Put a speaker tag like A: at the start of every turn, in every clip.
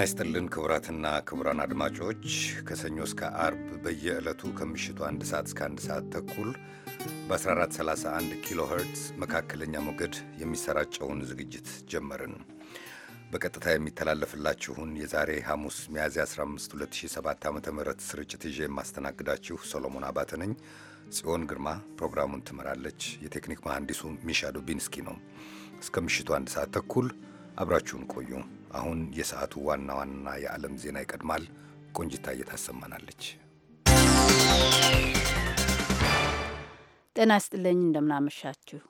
A: ጤና ይስጥልን ክቡራትና ክቡራን አድማጮች ከሰኞ እስከ አርብ በየዕለቱ ከምሽቱ አንድ ሰዓት እስከ አንድ ሰዓት ተኩል በ1431 ኪሎ ሄርትስ መካከለኛ ሞገድ የሚሰራጨውን ዝግጅት ጀመርን። በቀጥታ የሚተላለፍላችሁን የዛሬ ሐሙስ ሚያዝያ 15 2007 ዓ ም ስርጭት ይዤ የማስተናግዳችሁ ሶሎሞን አባተ ነኝ። ጽዮን ግርማ ፕሮግራሙን ትመራለች። የቴክኒክ መሐንዲሱ ሚሻ ዱቢንስኪ ነው። እስከ ምሽቱ አንድ ሰዓት ተኩል አብራችሁን ቆዩ። አሁን የሰዓቱ ዋና ዋና የዓለም ዜና ይቀድማል። ቆንጅታ እየታሰማናለች።
B: ጤና ይስጥልኝ፣ እንደምናመሻችሁ።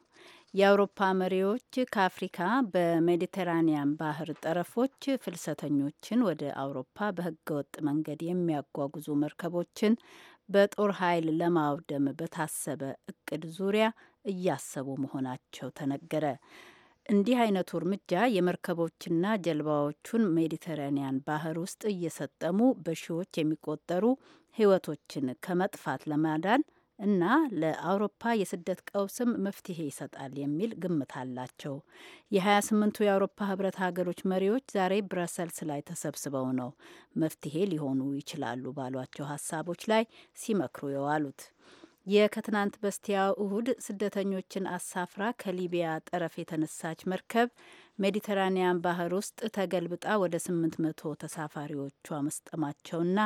B: የአውሮፓ መሪዎች ከአፍሪካ በሜዲተራኒያን ባህር ጠረፎች ፍልሰተኞችን ወደ አውሮፓ በህገወጥ መንገድ የሚያጓጉዙ መርከቦችን በጦር ኃይል ለማውደም በታሰበ እቅድ ዙሪያ እያሰቡ መሆናቸው ተነገረ። እንዲህ አይነቱ እርምጃ የመርከቦችና ጀልባዎቹን ሜዲተራኒያን ባህር ውስጥ እየሰጠሙ በሺዎች የሚቆጠሩ ህይወቶችን ከመጥፋት ለማዳን እና ለአውሮፓ የስደት ቀውስም መፍትሄ ይሰጣል የሚል ግምት አላቸው። የ28ቱ የአውሮፓ ህብረት ሀገሮች መሪዎች ዛሬ ብረሰልስ ላይ ተሰብስበው ነው መፍትሄ ሊሆኑ ይችላሉ ባሏቸው ሀሳቦች ላይ ሲመክሩ የዋሉት። የከትናንት በስቲያ እሁድ ስደተኞችን አሳፍራ ከሊቢያ ጠረፍ የተነሳች መርከብ ሜዲተራኒያን ባህር ውስጥ ተገልብጣ ወደ 800 ተሳፋሪዎቿ መስጠማቸውና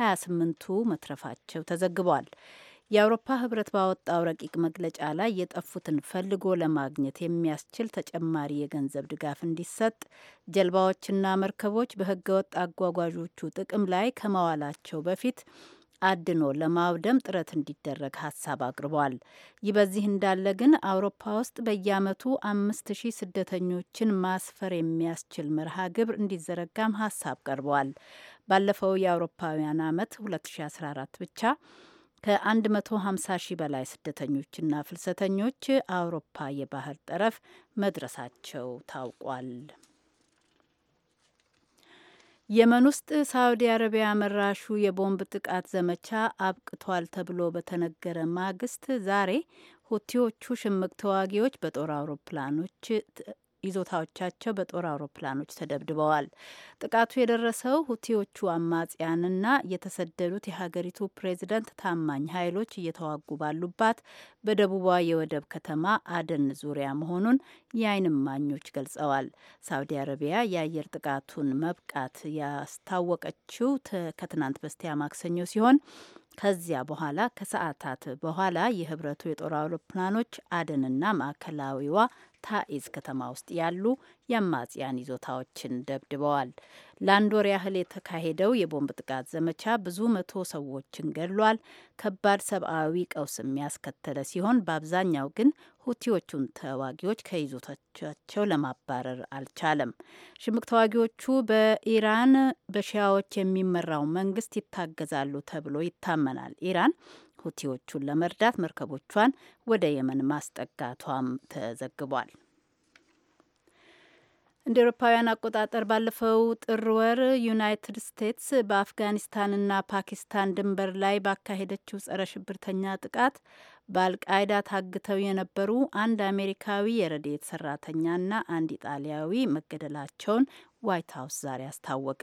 B: 28ቱ መትረፋቸው ተዘግቧል። የአውሮፓ ህብረት ባወጣው ረቂቅ መግለጫ ላይ የጠፉትን ፈልጎ ለማግኘት የሚያስችል ተጨማሪ የገንዘብ ድጋፍ እንዲሰጥ ጀልባዎችና መርከቦች በህገወጥ አጓጓዦቹ ጥቅም ላይ ከመዋላቸው በፊት አድኖ ለማውደም ጥረት እንዲደረግ ሀሳብ አቅርቧል። ይህ በዚህ እንዳለ ግን አውሮፓ ውስጥ በየአመቱ አምስት ሺህ ስደተኞችን ማስፈር የሚያስችል መርሃ ግብር እንዲዘረጋም ሀሳብ ቀርቧል። ባለፈው የአውሮፓውያን አመት 2014 ብቻ ከ150 ሺህ በላይ ስደተኞችና ፍልሰተኞች አውሮፓ የባህር ጠረፍ መድረሳቸው ታውቋል። የመን ውስጥ ሳውዲ አረቢያ መራሹ የቦምብ ጥቃት ዘመቻ አብቅቷል ተብሎ በተነገረ ማግስት ዛሬ ሁቲዎቹ ሽምቅ ተዋጊዎች በጦር አውሮፕላኖች ይዞታዎቻቸው በጦር አውሮፕላኖች ተደብድበዋል። ጥቃቱ የደረሰው ሁቲዎቹ አማጽያንና የተሰደዱት የሀገሪቱ ፕሬዚደንት ታማኝ ኃይሎች እየተዋጉ ባሉባት በደቡቧ የወደብ ከተማ አደን ዙሪያ መሆኑን የዓይን እማኞች ገልጸዋል። ሳውዲ አረቢያ የአየር ጥቃቱን መብቃት ያስታወቀችው ከትናንት በስቲያ ማክሰኞ ሲሆን ከዚያ በኋላ ከሰዓታት በኋላ የህብረቱ የጦር አውሮፕላኖች አደንና ማዕከላዊዋ ታኢዝ ከተማ ውስጥ ያሉ የአማጽያን ይዞታዎችን ደብድበዋል። ለአንድ ወር ያህል የተካሄደው የቦምብ ጥቃት ዘመቻ ብዙ መቶ ሰዎችን ገድሏል፣ ከባድ ሰብአዊ ቀውስም ያስከተለ ሲሆን በአብዛኛው ግን ሁቲዎቹን ተዋጊዎች ከይዞታቸው ለማባረር አልቻለም። ሽምቅ ተዋጊዎቹ በኢራን በሺያዎች የሚመራው መንግስት ይታገዛሉ ተብሎ ይታመናል። ኢራን ሁቲዎቹን ለመርዳት መርከቦቿን ወደ የመን ማስጠጋቷም ተዘግቧል። እንደ ኤሮፓውያን አቆጣጠር ባለፈው ጥር ወር ዩናይትድ ስቴትስ በአፍጋኒስታንና ፓኪስታን ድንበር ላይ ባካሄደችው ጸረ ሽብርተኛ ጥቃት በአልቃይዳ ታግተው የነበሩ አንድ አሜሪካዊ የረድኤት ሰራተኛና አንድ ኢጣሊያዊ መገደላቸውን ዋይት ሀውስ ዛሬ አስታወቀ።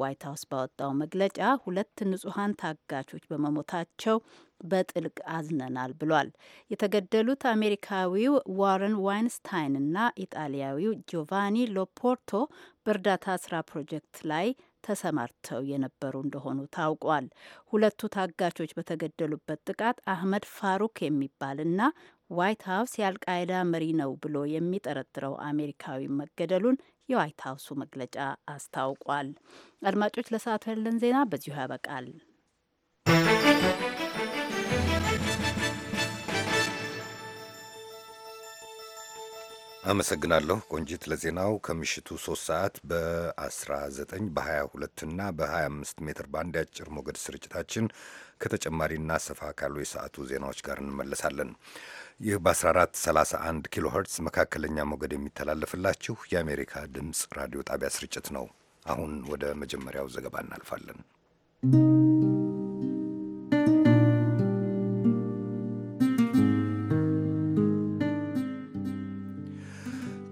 B: ዋይት ሀውስ ባወጣው መግለጫ ሁለት ንጹሐን ታጋቾች በመሞታቸው በጥልቅ አዝነናል ብሏል። የተገደሉት አሜሪካዊው ዋረን ዋይንስታይን እና ኢጣሊያዊው ጆቫኒ ሎፖርቶ በእርዳታ ስራ ፕሮጀክት ላይ ተሰማርተው የነበሩ እንደሆኑ ታውቋል። ሁለቱ ታጋቾች በተገደሉበት ጥቃት አህመድ ፋሩክ የሚባልና ዋይት ሀውስ የአልቃይዳ መሪ ነው ብሎ የሚጠረጥረው አሜሪካዊ መገደሉን የዋይት ሀውሱ መግለጫ አስታውቋል። አድማጮች፣ ለሰዓቱ ያለን ዜና በዚሁ ያበቃል።
A: አመሰግናለሁ ቆንጂት ለዜናው። ከምሽቱ 3 ሰዓት በ19 በ22 እና በ25 ሜትር ባንድ የአጭር ሞገድ ስርጭታችን ከተጨማሪና ሰፋ ካሉ የሰዓቱ ዜናዎች ጋር እንመለሳለን። ይህ በ1431 ኪሎ ኸርትዝ መካከለኛ ሞገድ የሚተላለፍላችሁ የአሜሪካ ድምፅ ራዲዮ ጣቢያ ስርጭት ነው። አሁን ወደ መጀመሪያው ዘገባ እናልፋለን።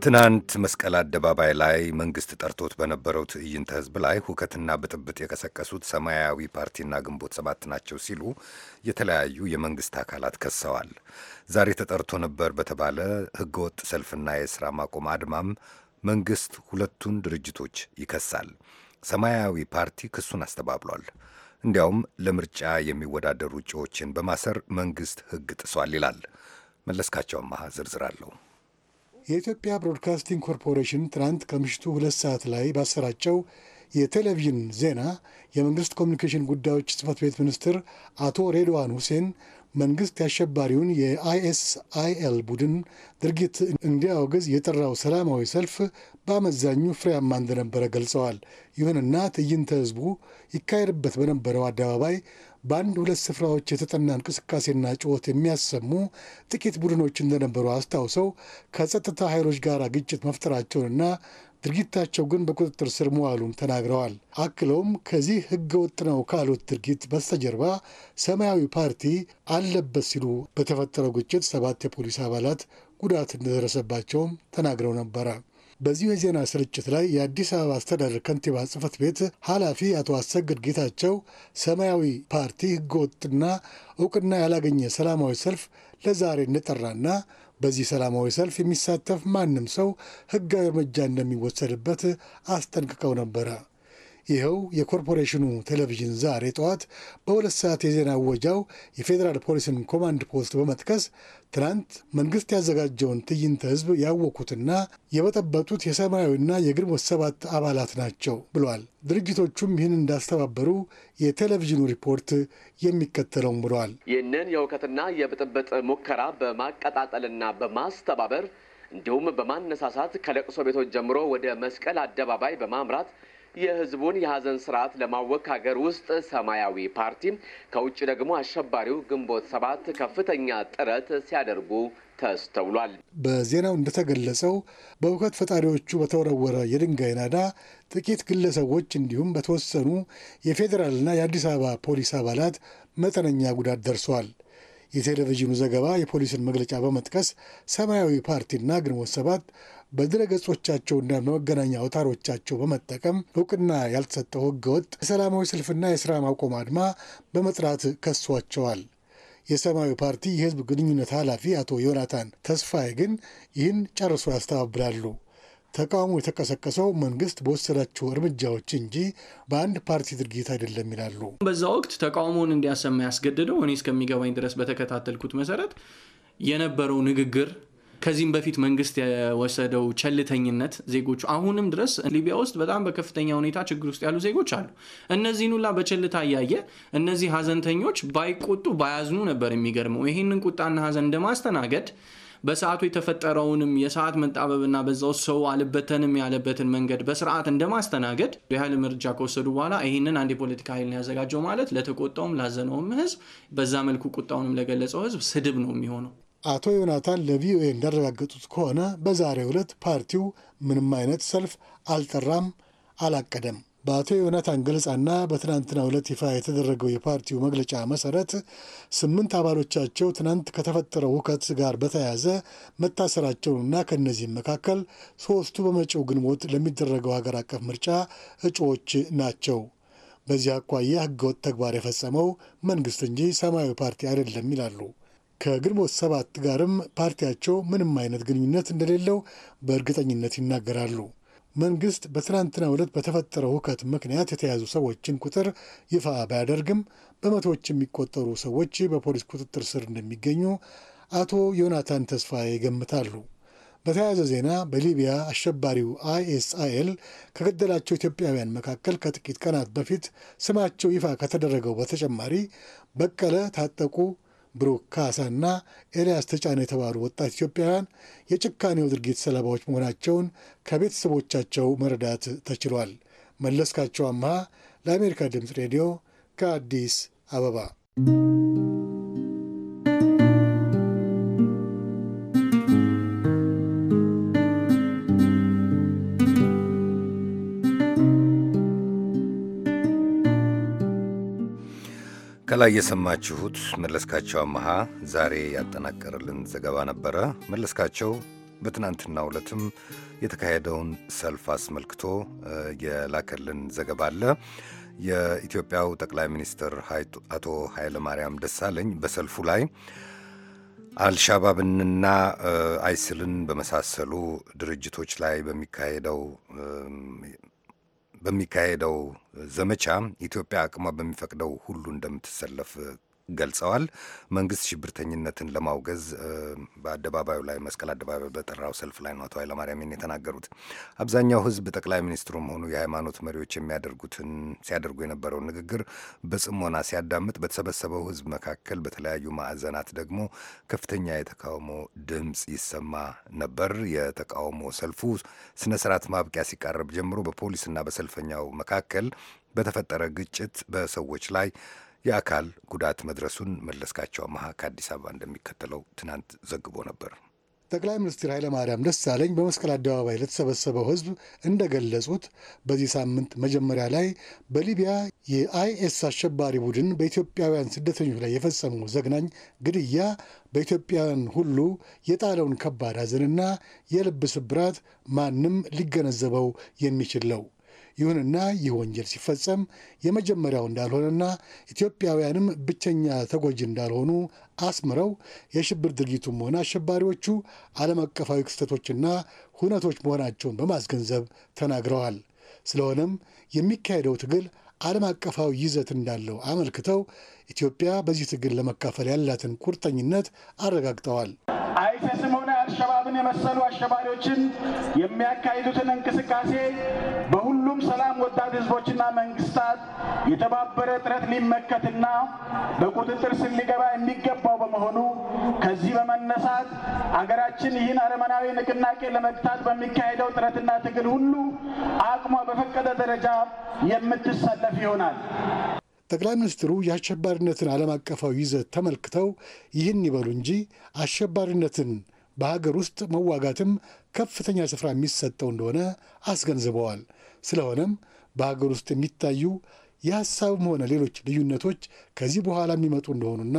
A: ትናንት መስቀል አደባባይ ላይ መንግስት ጠርቶት በነበረው ትዕይንተ ህዝብ ላይ ሁከትና ብጥብጥ የቀሰቀሱት ሰማያዊ ፓርቲና ግንቦት ሰባት ናቸው ሲሉ የተለያዩ የመንግስት አካላት ከሰዋል። ዛሬ ተጠርቶ ነበር በተባለ ህገወጥ ሰልፍና የሥራ ማቆም አድማም መንግስት ሁለቱን ድርጅቶች ይከሳል። ሰማያዊ ፓርቲ ክሱን አስተባብሏል። እንዲያውም ለምርጫ የሚወዳደሩ እጩዎችን በማሰር መንግስት ህግ ጥሷል ይላል። መለስካቸው አማሃ ዝርዝር አለው።
C: የኢትዮጵያ ብሮድካስቲንግ ኮርፖሬሽን ትናንት ከምሽቱ ሁለት ሰዓት ላይ ባሰራጨው የቴሌቪዥን ዜና የመንግስት ኮሚኒኬሽን ጉዳዮች ጽህፈት ቤት ሚኒስትር አቶ ሬድዋን ሁሴን መንግስት ያሸባሪውን የአይኤስአይኤል ቡድን ድርጊት እንዲያወግዝ የጠራው ሰላማዊ ሰልፍ በአመዛኙ ፍሬያማ እንደነበረ ገልጸዋል። ይሁንና ትዕይንተ ህዝቡ ይካሄድበት በነበረው አደባባይ በአንድ ሁለት ስፍራዎች የተጠና እንቅስቃሴና ጩኸት የሚያሰሙ ጥቂት ቡድኖች እንደነበሩ አስታውሰው ከጸጥታ ኃይሎች ጋር ግጭት መፍጠራቸውንና ድርጊታቸው ግን በቁጥጥር ስር መዋሉን ተናግረዋል። አክለውም ከዚህ ሕገ ወጥ ነው ካሉት ድርጊት በስተጀርባ ሰማያዊ ፓርቲ አለበት ሲሉ በተፈጠረው ግጭት ሰባት የፖሊስ አባላት ጉዳት እንደደረሰባቸውም ተናግረው ነበረ። በዚሁ የዜና ስርጭት ላይ የአዲስ አበባ አስተዳደር ከንቲባ ጽህፈት ቤት ኃላፊ አቶ አሰግድ ጌታቸው ሰማያዊ ፓርቲ ህገወጥና እውቅና ያላገኘ ሰላማዊ ሰልፍ ለዛሬ እንጠራና በዚህ ሰላማዊ ሰልፍ የሚሳተፍ ማንም ሰው ህጋዊ እርምጃ እንደሚወሰድበት አስጠንቅቀው ነበረ። ይኸው የኮርፖሬሽኑ ቴሌቪዥን ዛሬ ጠዋት በሁለት ሰዓት የዜና ወጃው የፌዴራል ፖሊስን ኮማንድ ፖስት በመጥቀስ ትናንት መንግስት ያዘጋጀውን ትዕይንተ ህዝብ ያወቁትና የበጠበጡት የሰማያዊና የግንቦት ሰባት አባላት ናቸው ብሏል። ድርጅቶቹም ይህን እንዳስተባበሩ የቴሌቪዥኑ ሪፖርት የሚከተለውም ብለዋል። ይህንን የእውከትና የብጥብጥ ሙከራ በማቀጣጠልና በማስተባበር እንዲሁም በማነሳሳት ከለቅሶ ቤቶች ጀምሮ ወደ መስቀል አደባባይ በማምራት የህዝቡን የሀዘን ስርዓት ለማወክ ሀገር ውስጥ ሰማያዊ ፓርቲ
D: ከውጭ ደግሞ አሸባሪው ግንቦት ሰባት ከፍተኛ ጥረት ሲያደርጉ ተስተውሏል።
C: በዜናው እንደተገለጸው በእውከት ፈጣሪዎቹ በተወረወረ የድንጋይ ናዳ ጥቂት ግለሰቦች እንዲሁም በተወሰኑ የፌዴራልና የአዲስ አበባ ፖሊስ አባላት መጠነኛ ጉዳት ደርሰዋል። የቴሌቪዥኑ ዘገባ የፖሊስን መግለጫ በመጥቀስ ሰማያዊ ፓርቲና ግንቦት ሰባት በድረ ገጾቻቸውና በመገናኛ አውታሮቻቸው በመጠቀም እውቅና ያልተሰጠው ህገወጥ የሰላማዊ ሰልፍና የስራ ማቆም አድማ በመጥራት ከሷቸዋል። የሰማያዊ ፓርቲ የህዝብ ግንኙነት ኃላፊ አቶ ዮናታን ተስፋዬ ግን ይህን ጨርሶ ያስተባብላሉ። ተቃውሞ የተቀሰቀሰው መንግስት በወሰዳቸው እርምጃዎች እንጂ በአንድ ፓርቲ ድርጊት አይደለም ይላሉ።
D: በዛ ወቅት ተቃውሞውን እንዲያሰማ ያስገደደው እኔ እስከሚገባኝ ድረስ በተከታተልኩት መሰረት የነበረው ንግግር ከዚህም በፊት መንግስት የወሰደው ቸልተኝነት ዜጎቹ አሁንም ድረስ ሊቢያ ውስጥ በጣም በከፍተኛ ሁኔታ ችግር ውስጥ ያሉ ዜጎች አሉ። እነዚህን ሁላ በቸልታ እያየ እነዚህ ሀዘንተኞች ባይቆጡ ባያዝኑ ነበር። የሚገርመው ይህንን ቁጣና ሀዘን እንደማስተናገድ በሰዓቱ የተፈጠረውንም የሰዓት መጣበብና በዛው ሰው አልበተንም ያለበትን መንገድ በስርዓት እንደማስተናገድ የኃይል እርምጃ ከወሰዱ በኋላ ይህንን አንድ የፖለቲካ ኃይል ያዘጋጀው ማለት ለተቆጣውም ላዘነውም ህዝብ በዛ መልኩ ቁጣውንም ለገለጸው ህዝብ ስድብ ነው የሚሆነው።
C: አቶ ዮናታን ለቪኦኤ እንዳረጋገጡት ከሆነ በዛሬው ዕለት ፓርቲው ምንም አይነት ሰልፍ አልጠራም፣ አላቀደም። በአቶ ዮናታን ገለጻና በትናንትና ዕለት ይፋ የተደረገው የፓርቲው መግለጫ መሰረት ስምንት አባሎቻቸው ትናንት ከተፈጠረው ሁከት ጋር በተያያዘ መታሰራቸውንና ከእነዚህም መካከል ሶስቱ በመጪው ግንቦት ለሚደረገው ሀገር አቀፍ ምርጫ እጩዎች ናቸው። በዚህ አኳያ ህገወጥ ተግባር የፈጸመው መንግስት እንጂ ሰማያዊ ፓርቲ አይደለም ይላሉ። ከግንቦት ሰባት ጋርም ፓርቲያቸው ምንም አይነት ግንኙነት እንደሌለው በእርግጠኝነት ይናገራሉ። መንግስት በትናንትናው ዕለት በተፈጠረው ሁከት ምክንያት የተያዙ ሰዎችን ቁጥር ይፋ ባያደርግም በመቶዎች የሚቆጠሩ ሰዎች በፖሊስ ቁጥጥር ስር እንደሚገኙ አቶ ዮናታን ተስፋዬ ይገምታሉ። በተያያዘ ዜና በሊቢያ አሸባሪው አይኤስአይኤል ከገደላቸው ኢትዮጵያውያን መካከል ከጥቂት ቀናት በፊት ስማቸው ይፋ ከተደረገው በተጨማሪ በቀለ ታጠቁ ብሩክ እና ኤልያስ ተጫነ የተባሉ ወጣት ኢትዮጵያውያን የጭካኔው ድርጊት ሰለባዎች መሆናቸውን ከቤተሰቦቻቸው መረዳት ተችሏል። መለስካቸው አምሃ ለአሜሪካ ድምፅ ሬዲዮ ከአዲስ አበባ
A: ከላይ የሰማችሁት መለስካቸው አመሃ ዛሬ ያጠናቀርልን ዘገባ ነበረ። መለስካቸው በትናንትናው ዕለትም የተካሄደውን ሰልፍ አስመልክቶ የላከልን ዘገባ አለ። የኢትዮጵያው ጠቅላይ ሚኒስትር አቶ ኃይለማርያም ደሳለኝ በሰልፉ ላይ አልሻባብንና አይስልን በመሳሰሉ ድርጅቶች ላይ በሚካሄደው በሚካሄደው ዘመቻ ኢትዮጵያ አቅሟ በሚፈቅደው ሁሉ እንደምትሰለፍ ገልጸዋል። መንግስት ሽብርተኝነትን ለማውገዝ በአደባባዩ ላይ መስቀል አደባባይ በጠራው ሰልፍ ላይ ነው አቶ ኃይለማርያምን የተናገሩት። አብዛኛው ህዝብ ጠቅላይ ሚኒስትሩም ሆኑ የሃይማኖት መሪዎች የሚያደርጉትን ሲያደርጉ የነበረውን ንግግር በጽሞና ሲያዳምጥ፣ በተሰበሰበው ህዝብ መካከል በተለያዩ ማዕዘናት ደግሞ ከፍተኛ የተቃውሞ ድምፅ ይሰማ ነበር። የተቃውሞ ሰልፉ ስነ ስርዓት ማብቂያ ሲቃረብ ጀምሮ በፖሊስና በሰልፈኛው መካከል በተፈጠረ ግጭት በሰዎች ላይ የአካል ጉዳት መድረሱን መለስካቸው አመሃ ከአዲስ አበባ እንደሚከተለው ትናንት ዘግቦ ነበር።
C: ጠቅላይ ሚኒስትር ኃይለማርያም ደሳለኝ በመስቀል አደባባይ ለተሰበሰበው ሕዝብ እንደገለጹት በዚህ ሳምንት መጀመሪያ ላይ በሊቢያ የአይኤስ አሸባሪ ቡድን በኢትዮጵያውያን ስደተኞች ላይ የፈጸመው ዘግናኝ ግድያ በኢትዮጵያውያን ሁሉ የጣለውን ከባድ ሐዘንና የልብ ስብራት ማንም ሊገነዘበው የሚችል ነው። ይሁንና ይህ ወንጀል ሲፈጸም የመጀመሪያው እንዳልሆነና ኢትዮጵያውያንም ብቸኛ ተጎጂ እንዳልሆኑ አስምረው የሽብር ድርጊቱም ሆነ አሸባሪዎቹ ዓለም አቀፋዊ ክስተቶችና ሁነቶች መሆናቸውን በማስገንዘብ ተናግረዋል። ስለሆነም የሚካሄደው ትግል ዓለም አቀፋዊ ይዘት እንዳለው አመልክተው ኢትዮጵያ በዚህ ትግል ለመካፈል ያላትን ቁርጠኝነት አረጋግጠዋል።
D: አይሲስም አልሸባብን የመሰሉ አሸባሪዎችን የሚያካሂዱትን እንቅስቃሴ በሁሉም ሰላም ወዳድ ህዝቦችና መንግስታት የተባበረ ጥረት ሊመከትና በቁጥጥር ስር ሊገባ የሚገባው በመሆኑ ከዚህ በመነሳት አገራችን ይህን አረመናዊ ንቅናቄ ለመግታት በሚካሄደው ጥረትና ትግል ሁሉ አቅሟ በፈቀደ ደረጃ የምትሰለፍ ይሆናል።
C: ጠቅላይ ሚኒስትሩ የአሸባሪነትን ዓለም አቀፋዊ ይዘት ተመልክተው ይህን ይበሉ እንጂ አሸባሪነትን በሀገር ውስጥ መዋጋትም ከፍተኛ ስፍራ የሚሰጠው እንደሆነ አስገንዝበዋል። ስለሆነም በሀገር ውስጥ የሚታዩ የሀሳብም ሆነ ሌሎች ልዩነቶች ከዚህ በኋላ የሚመጡ እንደሆኑና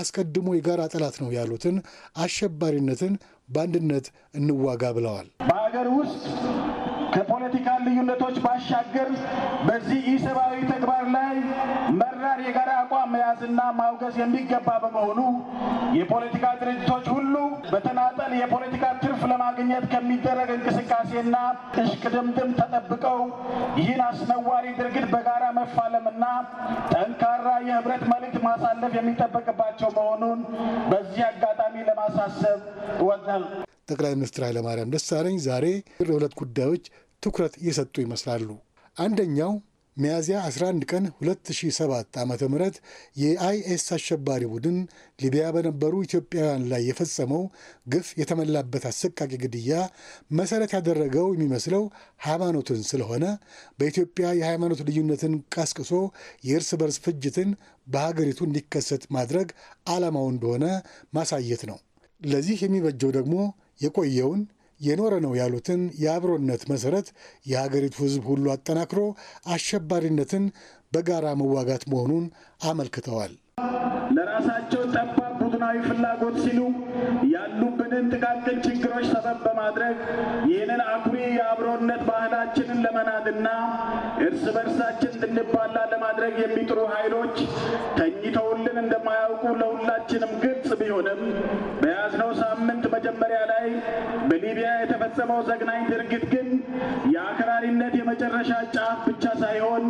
C: አስቀድሞ የጋራ ጠላት ነው ያሉትን አሸባሪነትን በአንድነት እንዋጋ ብለዋል።
D: በሀገር ውስጥ ከፖለቲካ ልዩነቶች ባሻገር በዚህ ኢሰብአዊ ተግባር ላይ መራር የጋራ አቋም መያዝና ማውገዝ የሚገባ በመሆኑ የፖለቲካ ድርጅቶች ሁሉ በተናጠል የፖለቲካ ትርፍ ለማግኘት ከሚደረግ እንቅስቃሴና እሽቅድምድም ተጠብቀው ይህን አስነዋሪ ድርጊት በጋራ መፋለምና ጠንካራ የህብረት መልእክት ማሳለፍ የሚጠበቅባቸው መሆኑን በዚህ አጋጣሚ ለማሳሰብ እወዳለሁ።
C: ጠቅላይ ሚኒስትር ኃይለማርያም ደሳለኝ ዛሬ ለሁለት ጉዳዮች ትኩረት እየሰጡ ይመስላሉ። አንደኛው ሚያዝያ 11 ቀን 2007 ዓ ም የአይኤስ አሸባሪ ቡድን ሊቢያ በነበሩ ኢትዮጵያውያን ላይ የፈጸመው ግፍ የተመላበት አሰቃቂ ግድያ መሠረት ያደረገው የሚመስለው ሃይማኖትን ስለሆነ በኢትዮጵያ የሃይማኖት ልዩነትን ቀስቅሶ የእርስ በርስ ፍጅትን በሀገሪቱ እንዲከሰት ማድረግ ዓላማው እንደሆነ ማሳየት ነው። ለዚህ የሚበጀው ደግሞ የቆየውን የኖረ ነው ያሉትን የአብሮነት መሰረት የሀገሪቱ ሕዝብ ሁሉ አጠናክሮ አሸባሪነትን በጋራ መዋጋት መሆኑን አመልክተዋል።
D: ለራሳቸው ጠባብ ቡድናዊ ፍላጎት ሲሉ ያሉብንን ጥቃቅን ችግሮች ሰበብ በማድረግ ይህንን አኩሪ የአብሮነት ባህላችንን ለመናድና እርስ በርሳችን እንድንባላ ለማድረግ የሚጥሩ ኃይሎች ተኝተውልን እንደማያውቁ ለሁላችንም ግልጽ ቢሆንም በያዝነው መጀመሪያ ላይ በሊቢያ የተፈጸመው ዘግናኝ ድርጊት ግን የአክራሪነት የመጨረሻ ጫፍ ብቻ ሳይሆን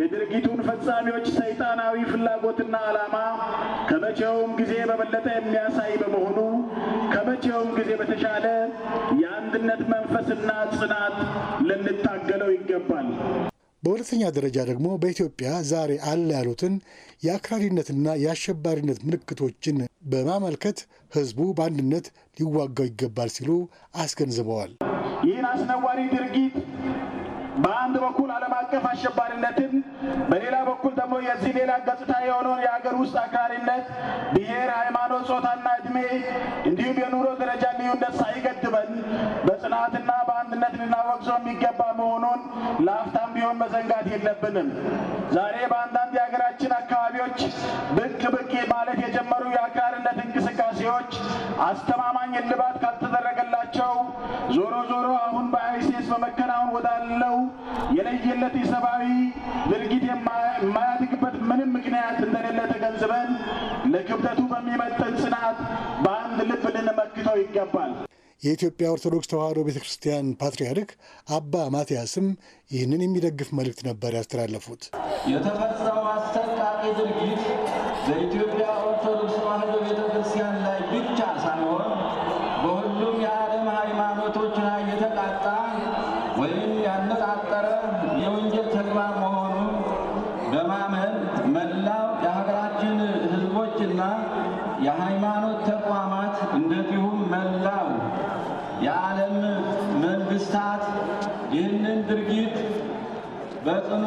D: የድርጊቱን ፈጻሚዎች ሰይጣናዊ ፍላጎትና ዓላማ ከመቼውም ጊዜ በበለጠ የሚያሳይ በመሆኑ ከመቼውም ጊዜ በተሻለ የአንድነት መንፈስና ጽናት ልንታገለው ይገባል።
C: በሁለተኛ ደረጃ ደግሞ በኢትዮጵያ ዛሬ አለ ያሉትን የአክራሪነትና የአሸባሪነት ምልክቶችን በማመልከት ህዝቡ በአንድነት ሊዋጋው ይገባል ሲሉ አስገንዝበዋል።
D: ይህን አስነዋሪ ድርጊት በአንድ በኩል ዓለም አቀፍ አሸባሪነትን በሌላ በኩል ደግሞ የዚህ ሌላ ገጽታ የሆነውን የሀገር ውስጥ አክራሪነት ብሔር፣ ሃይማኖት፣ ጾታና ዕድሜ እንዲሁም የኑሮ ደረጃ ልዩነት ሳይገድበን በጽናትና የሚገባ መሆኑን ለአፍታም ቢሆን መዘንጋት የለብንም። ዛሬ በአንዳንድ የሀገራችን አካባቢዎች ብቅ ብቅ ማለት የጀመሩ የአክራሪነት እንቅስቃሴዎች አስተማማኝ እልባት ካልተደረገላቸው ዞሮ ዞሮ አሁን በአይሲስ በመከናወን ወዳለው የለየለት የሰብአዊ ድርጊት የማያድግበት ምንም ምክንያት እንደሌለ ተገንዝበን ለክብደቱ በሚመጥን ጽናት በአንድ ልብ ልንመክተው ይገባል።
C: የኢትዮጵያ ኦርቶዶክስ ተዋሕዶ ቤተ ክርስቲያን ፓትርያርክ አባ ማትያስም ይህንን የሚደግፍ መልእክት ነበር ያስተላለፉት።
D: የተፈጸመው አስጠቃቂ ድርጊት በኢትዮጵያ ኦርቶዶክስ ተዋሕዶ ቤተ ክርስቲያን ላይ ብቻ ሳይሆን በሁሉም የዓለም ሃይማኖቶች ላይ የተቃጣ ወይም ያነጣጠረ የወንጀል ተግባር መሆኑን በማመን መላው የሀገራችን ሕዝቦችና የሃይማኖት መንግስታት ይህንን ድርጊት በጽኑ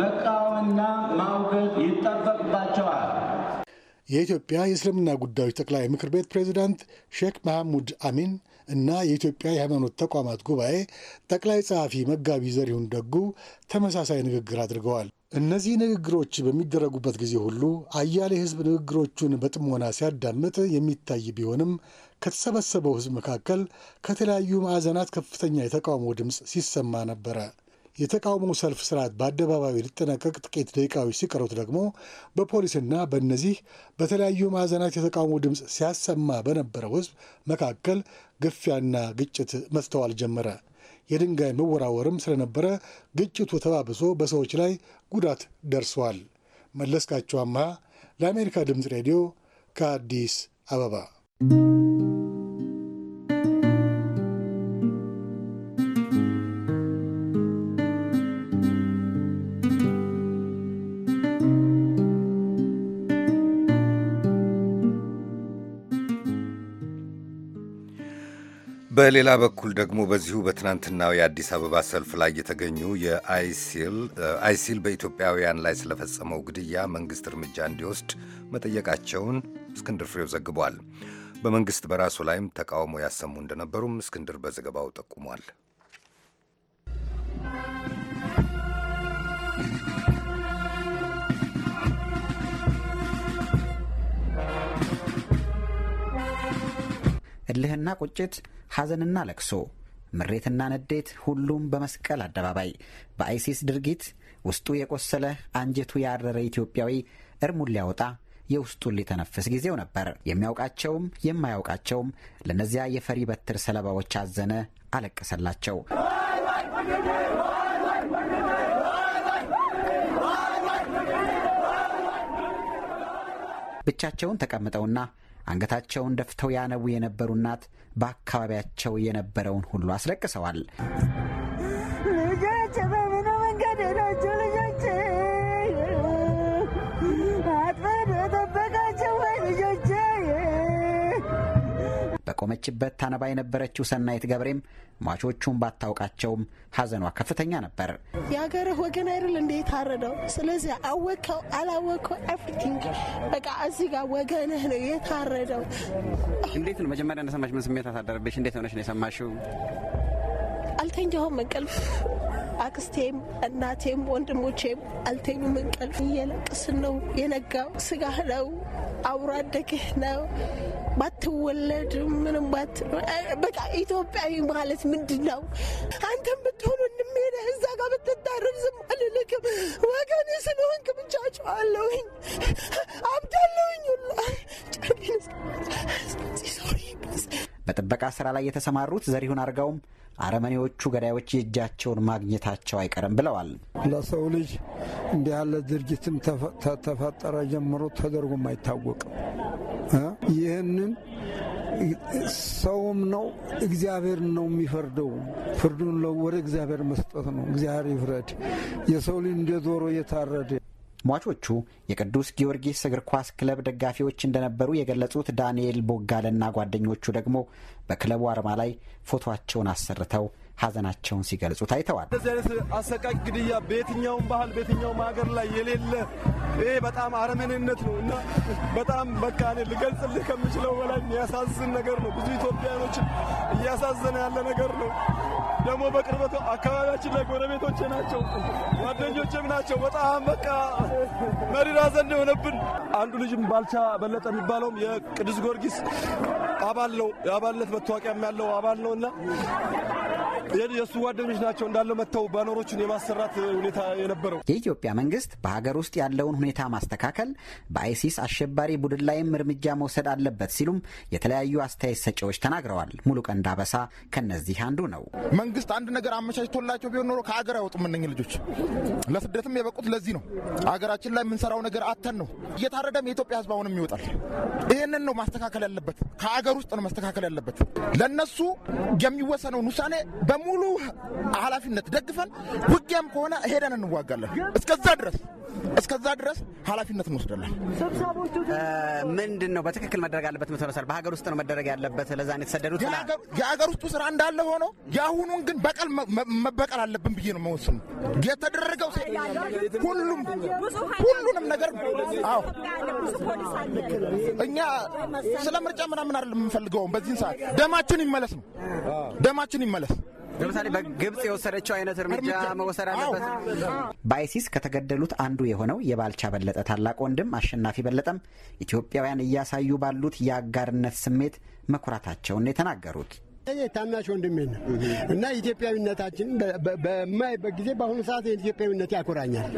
D: መቃወምና ማውገዝ ይጠበቅባቸዋል።
C: የኢትዮጵያ የእስልምና ጉዳዮች ጠቅላይ ምክር ቤት ፕሬዚዳንት ሼክ መሐሙድ አሚን እና የኢትዮጵያ የሃይማኖት ተቋማት ጉባኤ ጠቅላይ ጸሐፊ መጋቢ ዘሪሁን ደጉ ተመሳሳይ ንግግር አድርገዋል። እነዚህ ንግግሮች በሚደረጉበት ጊዜ ሁሉ አያሌ ሕዝብ ንግግሮቹን በጥሞና ሲያዳምጥ የሚታይ ቢሆንም ከተሰበሰበው ሕዝብ መካከል ከተለያዩ ማዕዘናት ከፍተኛ የተቃውሞ ድምፅ ሲሰማ ነበረ። የተቃውሞ ሰልፍ ስርዓት በአደባባይ ሊጠናቀቅ ጥቂት ደቂቃዎች ሲቀሩት ደግሞ በፖሊስና በእነዚህ በተለያዩ ማዕዘናት የተቃውሞ ድምፅ ሲያሰማ በነበረው ህዝብ መካከል ግፊያና ግጭት መስተዋል ጀመረ። የድንጋይ መወራወርም ስለነበረ ግጭቱ ተባብሶ በሰዎች ላይ ጉዳት ደርሷል። መለስካቸው አምሃ ለአሜሪካ ድምፅ ሬዲዮ ከአዲስ አበባ
A: በሌላ በኩል ደግሞ በዚሁ በትናንትናው የአዲስ አበባ ሰልፍ ላይ የተገኙ የአይሲል በኢትዮጵያውያን ላይ ስለፈጸመው ግድያ መንግስት እርምጃ እንዲወስድ መጠየቃቸውን እስክንድር ፍሬው ዘግቧል። በመንግስት በራሱ ላይም ተቃውሞ ያሰሙ እንደነበሩም እስክንድር በዘገባው ጠቁሟል።
E: እልህና ቁጭት፣ ሐዘንና ለቅሶ፣ ምሬትና ንዴት፣ ሁሉም በመስቀል አደባባይ በአይሲስ ድርጊት ውስጡ የቆሰለ አንጀቱ ያረረ ኢትዮጵያዊ እርሙን ሊያወጣ የውስጡን ሊተነፍስ ጊዜው ነበር። የሚያውቃቸውም የማያውቃቸውም ለእነዚያ የፈሪ በትር ሰለባዎች አዘነ፣ አለቀሰላቸው። ብቻቸውን ተቀምጠውና አንገታቸውን ደፍተው ያነቡ የነበሩ እናት በአካባቢያቸው የነበረውን ሁሉ አስለቅሰዋል። በቆመችበት ታነባ የነበረችው ሰናይት ገብሬም ሟቾቹን ባታውቃቸውም ሀዘኗ ከፍተኛ ነበር።
D: የሀገርህ
B: ወገን አይደል እንዴ የታረደው። ስለዚህ አወቀው አላወቀው ኤቭሪቲንግ በቃ እዚህ ጋር ወገንህ ነው የታረደው።
E: እንዴት ነው መጀመሪያ እንደሰማሽ ምን ስሜት አሳደረብሽ? እንዴት ሆነሽ ነው የሰማሽው?
B: አልተኛሁም እንቅልፍ አክስቴም እናቴም ወንድሞቼም አልተኙም እንቅልፍ። እየለቅስን ነው የነጋው ስጋህ ነው አብሮ አደግህ ነው። ባትወለድ ምንም ባት በቃ ኢትዮጵያዊ ማለት ምንድን ነው? አንተም ብትሆኑ እንሚሄደ እዛ ጋር ብትታረድ
D: ዝም አልልክም። ወገኔ ስለሆንክ ብቻ ጨዋለሁኝ፣ አብዳለሁኝ
C: ሁላ
E: በጥበቃ ስራ ላይ የተሰማሩት ዘሪሁን አርጋውም አረመኔዎቹ ገዳዮች የእጃቸውን ማግኘታቸው አይቀርም ብለዋል።
A: ለሰው ልጅ እንዲህ ያለ ድርጊትም ተፈጠረ ጀምሮ ተደርጎም አይታወቅም። ይህንን ሰውም ነው
C: እግዚአብሔር ነው የሚፈርደው። ፍርዱን ወደ እግዚአብሔር መስጠት ነው። እግዚአብሔር ይፍረድ።
E: የሰው ልጅ እንደ ዶሮ የታረደ ሟቾቹ የቅዱስ ጊዮርጊስ እግር ኳስ ክለብ ደጋፊዎች እንደነበሩ የገለጹት ዳንኤል ቦጋለና ጓደኞቹ ደግሞ በክለቡ አርማ ላይ ፎቶቸውን አሰርተው ሀዘናቸውን ሲገልጹ ታይተዋል።
D: እንደዚህ አይነት አሰቃቂ ግድያ በየትኛውም ባህል በየትኛውም ሀገር ላይ የሌለ ይህ በጣም አረመኔነት ነው እና በጣም በቃ እኔ ልገልጽልህ ከምችለው በላይ የሚያሳዝን ነገር ነው። ብዙ ኢትዮጵያኖችን እያሳዘነ ያለ ነገር ነው። ደግሞ በቅርበቱ አካባቢያችን ላይ ጎረቤቶች ናቸው፣ ጓደኞችም ናቸው። በጣም በቃ መሪር ሐዘን የሆነብን አንዱ ልጅም ባልቻ በለጠ የሚባለውም የቅዱስ ጊዮርጊስ አባል ነው። የአባልነት መታወቂያም ያለው አባል ነው እና የእሱ ጓደኞች ናቸው እንዳለ መጥተው ባነሮችን የማሰራት ሁኔታ የነበረው።
E: የኢትዮጵያ መንግስት በሀገር ውስጥ ያለውን ሁኔታ ማስተካከል፣ በአይሲስ አሸባሪ ቡድን ላይም እርምጃ መውሰድ አለበት ሲሉም የተለያዩ አስተያየት ሰጪዎች ተናግረዋል። ሙሉቀን ዳበሳ
D: ከነዚህ አንዱ ነው። መንግስት አንድ ነገር አመቻችቶላቸው ቢሆን ኖሮ ከሀገር አይወጡም እነኝህ ልጆች። ለስደትም የበቁት ለዚህ ነው። አገራችን ላይ የምንሰራው ነገር አተን ነው። እየታረደም የኢትዮጵያ ህዝብ አሁንም ይወጣል። ይህንን ነው ማስተካከል ያለበት። ከሀገር ውስጥ ነው ማስተካከል ያለበት። ለእነሱ የሚወሰነውን ውሳኔ በሙሉ ኃላፊነት ደግፈን ውጊያም ከሆነ ሄደን እንዋጋለን። እስከዛ ድረስ እስከዛ ድረስ ኃላፊነት እንወስዳለን።
E: ምንድን ነው በትክክል መደረግ አለበት ምትመሳል በሀገር ውስጥ ነው መደረግ ያለበት። ለዛ የተሰደዱት።
D: የሀገር ውስጡ ስራ እንዳለ ሆኖ የአሁኑን ግን በቀል መበቀል አለብን ብዬ ነው መወስኑ የተደረገው ሁሉም ሁሉንም ነገር አዎ እኛ ስለ ምርጫ ምናምን አይደለም የምንፈልገውም በዚህን ሰዓት ደማችን ይመለስ ነው፣ ደማችን ይመለስ
E: ለምሳሌ በግብጽ የወሰደችው አይነት እርምጃ መወሰድ አለበት። በአይሲስ ከተገደሉት አንዱ የሆነው የባልቻ በለጠ ታላቅ ወንድም አሸናፊ በለጠም ኢትዮጵያውያን እያሳዩ ባሉት የአጋርነት ስሜት መኩራታቸውን የተናገሩት
C: ታናሽ ወንድሜ ነው እና ኢትዮጵያዊነታችን በማይበት ጊዜ በአሁኑ ሰዓት የኢትዮጵያዊነት ያኮራኛል።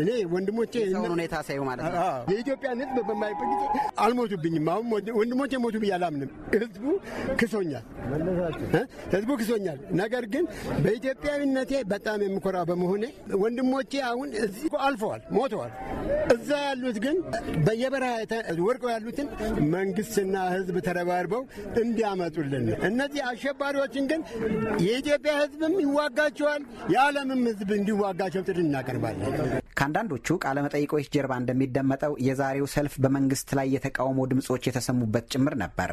C: እኔ ወንድሞቼ ሁኔታ ሳይሆን ማለት ነው የኢትዮጵያን ሕዝብ በማይበት ጊዜ አልሞቱብኝም። አሁን ወንድሞቼ ሞቱ ብዬ አላምንም። ህዝቡ ክሶኛል፣ ህዝቡ ክሶኛል። ነገር ግን በኢትዮጵያዊነቴ በጣም የምኮራ በመሆኔ ወንድሞቼ አሁን እዚህ አልፈዋል፣ ሞተዋል። እዛ ያሉት ግን በየበረሃ ወርቀው ያሉትን መንግስትና ህዝብ ተረባርበው እንዲያመጡልን እነዚህ አሸባሪዎችን ግን የኢትዮጵያ ሕዝብም ይዋጋቸዋል፣ የዓለምም ሕዝብ እንዲዋጋቸው ጥሪ እናቀርባለን።
E: ከአንዳንዶቹ ቃለ መጠይቆች ጀርባ እንደሚደመጠው የዛሬው ሰልፍ በመንግስት ላይ የተቃውሞ ድምጾች የተሰሙበት ጭምር ነበር።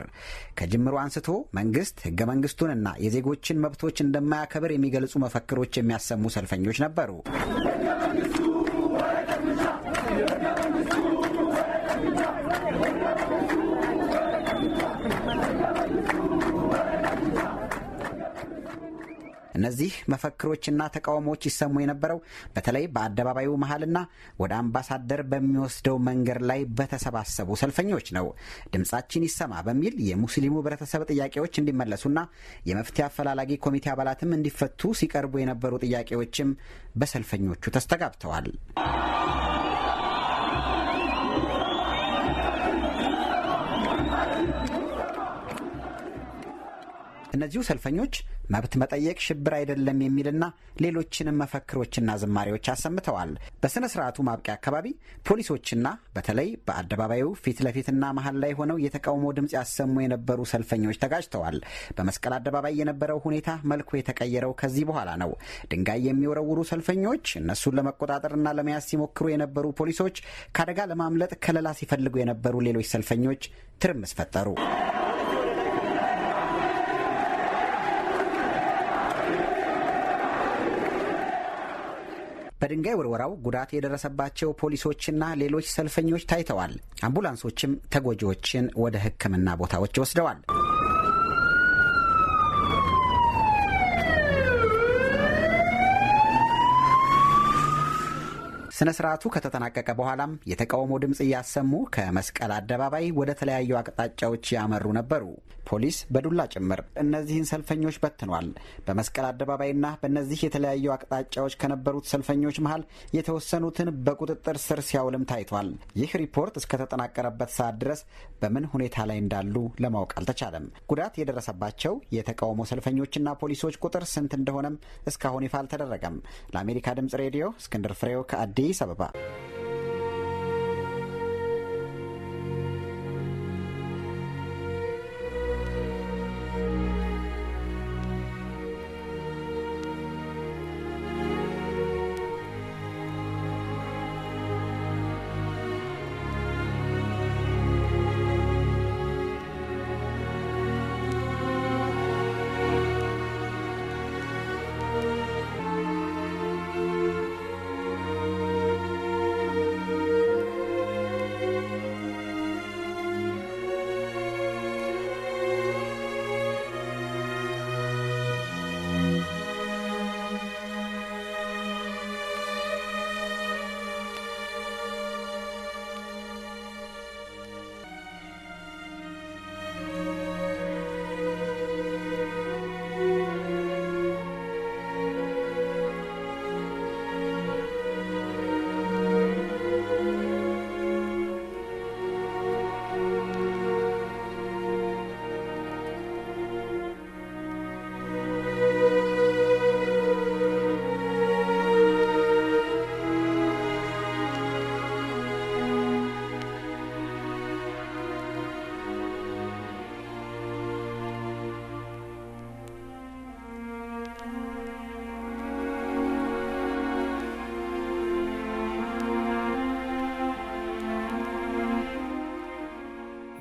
E: ከጅምሩ አንስቶ መንግስት ህገ መንግስቱንና የዜጎችን መብቶች እንደማያከብር የሚገልጹ መፈክሮች የሚያሰሙ ሰልፈኞች ነበሩ። እነዚህ መፈክሮችና ተቃውሞዎች ይሰሙ የነበረው በተለይ በአደባባዩ መሀልና ወደ አምባሳደር በሚወስደው መንገድ ላይ በተሰባሰቡ ሰልፈኞች ነው። ድምጻችን ይሰማ በሚል የሙስሊሙ ህብረተሰብ ጥያቄዎች እንዲመለሱና የመፍትሄ አፈላላጊ ኮሚቴ አባላትም እንዲፈቱ ሲቀርቡ የነበሩ ጥያቄዎችም በሰልፈኞቹ ተስተጋብተዋል። እነዚሁ ሰልፈኞች መብት መጠየቅ ሽብር አይደለም የሚልና ሌሎችንም መፈክሮችና ዝማሬዎች አሰምተዋል። በሥነ ሥርዓቱ ማብቂያ አካባቢ ፖሊሶችና በተለይ በአደባባዩ ፊት ለፊትና መሀል ላይ ሆነው የተቃውሞ ድምፅ ያሰሙ የነበሩ ሰልፈኞች ተጋጅተዋል። በመስቀል አደባባይ የነበረው ሁኔታ መልኩ የተቀየረው ከዚህ በኋላ ነው። ድንጋይ የሚወረውሩ ሰልፈኞች፣ እነሱን ለመቆጣጠርና ለመያዝ ሲሞክሩ የነበሩ ፖሊሶች፣ ከአደጋ ለማምለጥ ከለላ ሲፈልጉ የነበሩ ሌሎች ሰልፈኞች ትርምስ ፈጠሩ። በድንጋይ ወርወራው ጉዳት የደረሰባቸው ፖሊሶችና ሌሎች ሰልፈኞች ታይተዋል። አምቡላንሶችም ተጎጂዎችን ወደ ሕክምና ቦታዎች ወስደዋል። ስነ ስርዓቱ ከተጠናቀቀ በኋላም የተቃውሞ ድምፅ እያሰሙ ከመስቀል አደባባይ ወደ ተለያዩ አቅጣጫዎች ያመሩ ነበሩ። ፖሊስ በዱላ ጭምር እነዚህን ሰልፈኞች በትኗል። በመስቀል አደባባይና በእነዚህ የተለያዩ አቅጣጫዎች ከነበሩት ሰልፈኞች መሀል የተወሰኑትን በቁጥጥር ስር ሲያውልም ታይቷል። ይህ ሪፖርት እስከተጠናቀረበት ሰዓት ድረስ በምን ሁኔታ ላይ እንዳሉ ለማወቅ አልተቻለም። ጉዳት የደረሰባቸው የተቃውሞ ሰልፈኞችና ፖሊሶች ቁጥር ስንት እንደሆነም እስካሁን ይፋ አልተደረገም። ለአሜሪካ ድምጽ ሬዲዮ እስክንድር ፍሬው ከአዲስ አበባ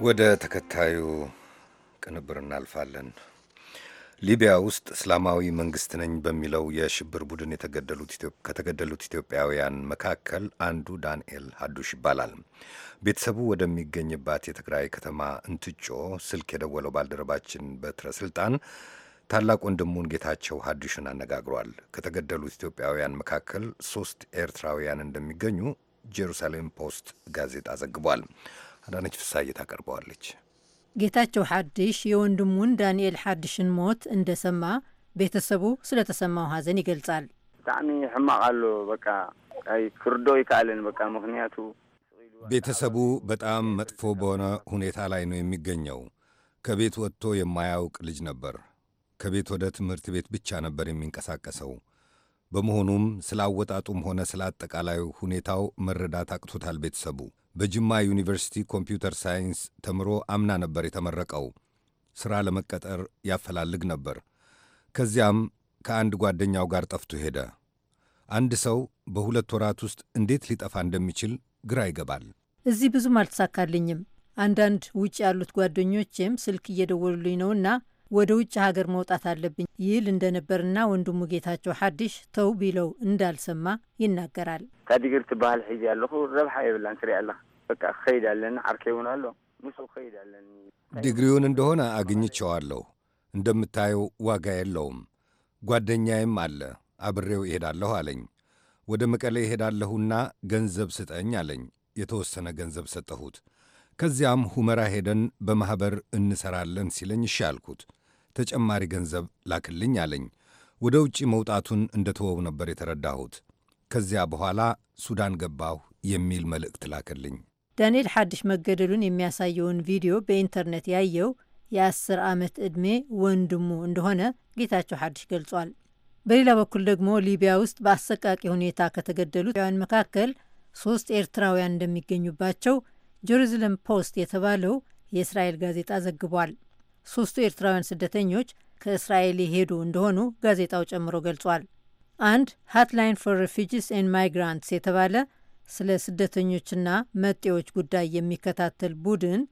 A: ወደ ተከታዩ ቅንብር እናልፋለን። ሊቢያ ውስጥ እስላማዊ መንግስት ነኝ በሚለው የሽብር ቡድን ከተገደሉት ኢትዮጵያውያን መካከል አንዱ ዳንኤል ሀዱሽ ይባላል። ቤተሰቡ ወደሚገኝባት የትግራይ ከተማ እንትጮ ስልክ የደወለው ባልደረባችን በትረ ስልጣን ታላቅ ወንድሙን ጌታቸው ሀዱሽን አነጋግሯል። ከተገደሉት ኢትዮጵያውያን መካከል ሶስት ኤርትራውያን እንደሚገኙ ጄሩሳሌም ፖስት ጋዜጣ ዘግቧል። አዳነች ፍሳይ ታቀርበዋለች።
F: ጌታቸው ሐድሽ የወንድሙን ዳንኤል ሐድሽን ሞት እንደሰማ ቤተሰቡ ስለተሰማው ሀዘን ይገልጻል።
A: ብጣዕሚ ሕማቅ ኣሎ በቃ
D: ክርዶ ይከኣለን በቃ ምክንያቱ
A: ቤተሰቡ በጣም መጥፎ በሆነ ሁኔታ ላይ ነው የሚገኘው። ከቤት ወጥቶ የማያውቅ ልጅ ነበር። ከቤት ወደ ትምህርት ቤት ብቻ ነበር የሚንቀሳቀሰው። በመሆኑም ስለ አወጣጡም ሆነ ስለ አጠቃላዩ ሁኔታው መረዳት አቅቶታል ቤተሰቡ በጅማ ዩኒቨርሲቲ ኮምፒውተር ሳይንስ ተምሮ አምና ነበር የተመረቀው። ሥራ ለመቀጠር ያፈላልግ ነበር። ከዚያም ከአንድ ጓደኛው ጋር ጠፍቶ ሄደ። አንድ ሰው በሁለት ወራት ውስጥ እንዴት ሊጠፋ እንደሚችል ግራ ይገባል።
F: እዚህ ብዙም አልተሳካልኝም። አንዳንድ ውጭ ያሉት ጓደኞቼም ስልክ እየደወሉልኝ ነውና ወደ ውጭ ሀገር መውጣት አለብኝ ይል እንደነበርና ወንድሙ ጌታቸው ሓድሽ ተው ቢለው እንዳልሰማ
D: ይናገራል። ካዲግርቲ ባህል ሒዚ ኣለኹ ረብሓ የብላን ክሪኢ ኣላ በቃ ክኸይድ ኣለኒ ዓርኬ እውን
C: ኣሎ ምስ ክኸይድ ኣለኒ
A: ዲግሪውን እንደሆነ አግኝቸዋለሁ። እንደምታየው ዋጋ የለውም። ጓደኛዬም አለ አብሬው እሄዳለሁ አለኝ። ወደ መቀሌ እሄዳለሁና ገንዘብ ስጠኝ አለኝ። የተወሰነ ገንዘብ ሰጠሁት። ከዚያም ሁመራ ሄደን በማኅበር እንሠራለን ሲለኝ እሺ አልኩት። ተጨማሪ ገንዘብ ላክልኝ አለኝ። ወደ ውጪ መውጣቱን እንደ ተወው ነበር የተረዳሁት። ከዚያ በኋላ ሱዳን ገባሁ የሚል መልእክት ላክልኝ።
F: ዳንኤል ሓድሽ መገደሉን የሚያሳየውን ቪዲዮ በኢንተርኔት ያየው የአስር ዓመት ዕድሜ ወንድሙ እንደሆነ ጌታቸው ሓድሽ ገልጿል። በሌላ በኩል ደግሞ ሊቢያ ውስጥ በአሰቃቂ ሁኔታ ከተገደሉት መካከል ሶስት ኤርትራውያን እንደሚገኙባቸው ጀሩዝለም ፖስት የተባለው የእስራኤል ጋዜጣ ዘግቧል። ሶስቱ ኤርትራውያን ስደተኞች ከእስራኤል የሄዱ እንደሆኑ ጋዜጣው ጨምሮ ገልጿል። አንድ ሃትላይን ፎር ሬፊጂስ ኤን ማይግራንትስ የተባለ ስለ ስደተኞችና መጤዎች ጉዳይ የሚከታተል ቡድን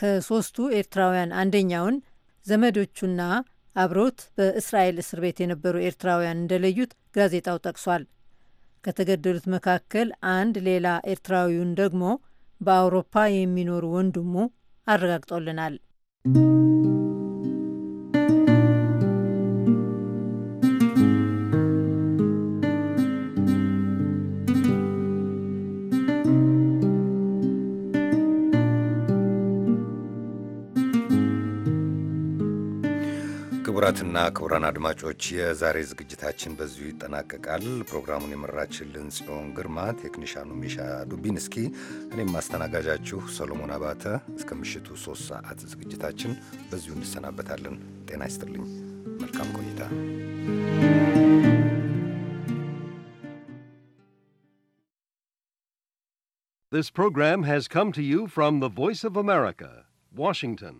F: ከሶስቱ ኤርትራውያን አንደኛውን ዘመዶቹና አብሮት በእስራኤል እስር ቤት የነበሩ ኤርትራውያን እንደለዩት ጋዜጣው ጠቅሷል። ከተገደሉት መካከል አንድ ሌላ ኤርትራዊውን ደግሞ በአውሮፓ የሚኖሩ ወንድሙ አረጋግጦልናል።
A: ክቡራትና ክቡራን አድማጮች የዛሬ ዝግጅታችን በዚሁ ይጠናቀቃል። ፕሮግራሙን የመራችልን ጽዮን ግርማ፣ ቴክኒሻኑ ሚሻ እስኪ እኔም ማስተናጋጃችሁ ሰሎሞን አባተ እስከ ምሽቱ ሶስት ሰዓት ዝግጅታችን በዚሁ እንሰናበታለን። ጤና ይስጥልኝ። መልካም ቆይታ። This program has come to you from the Voice of America, Washington.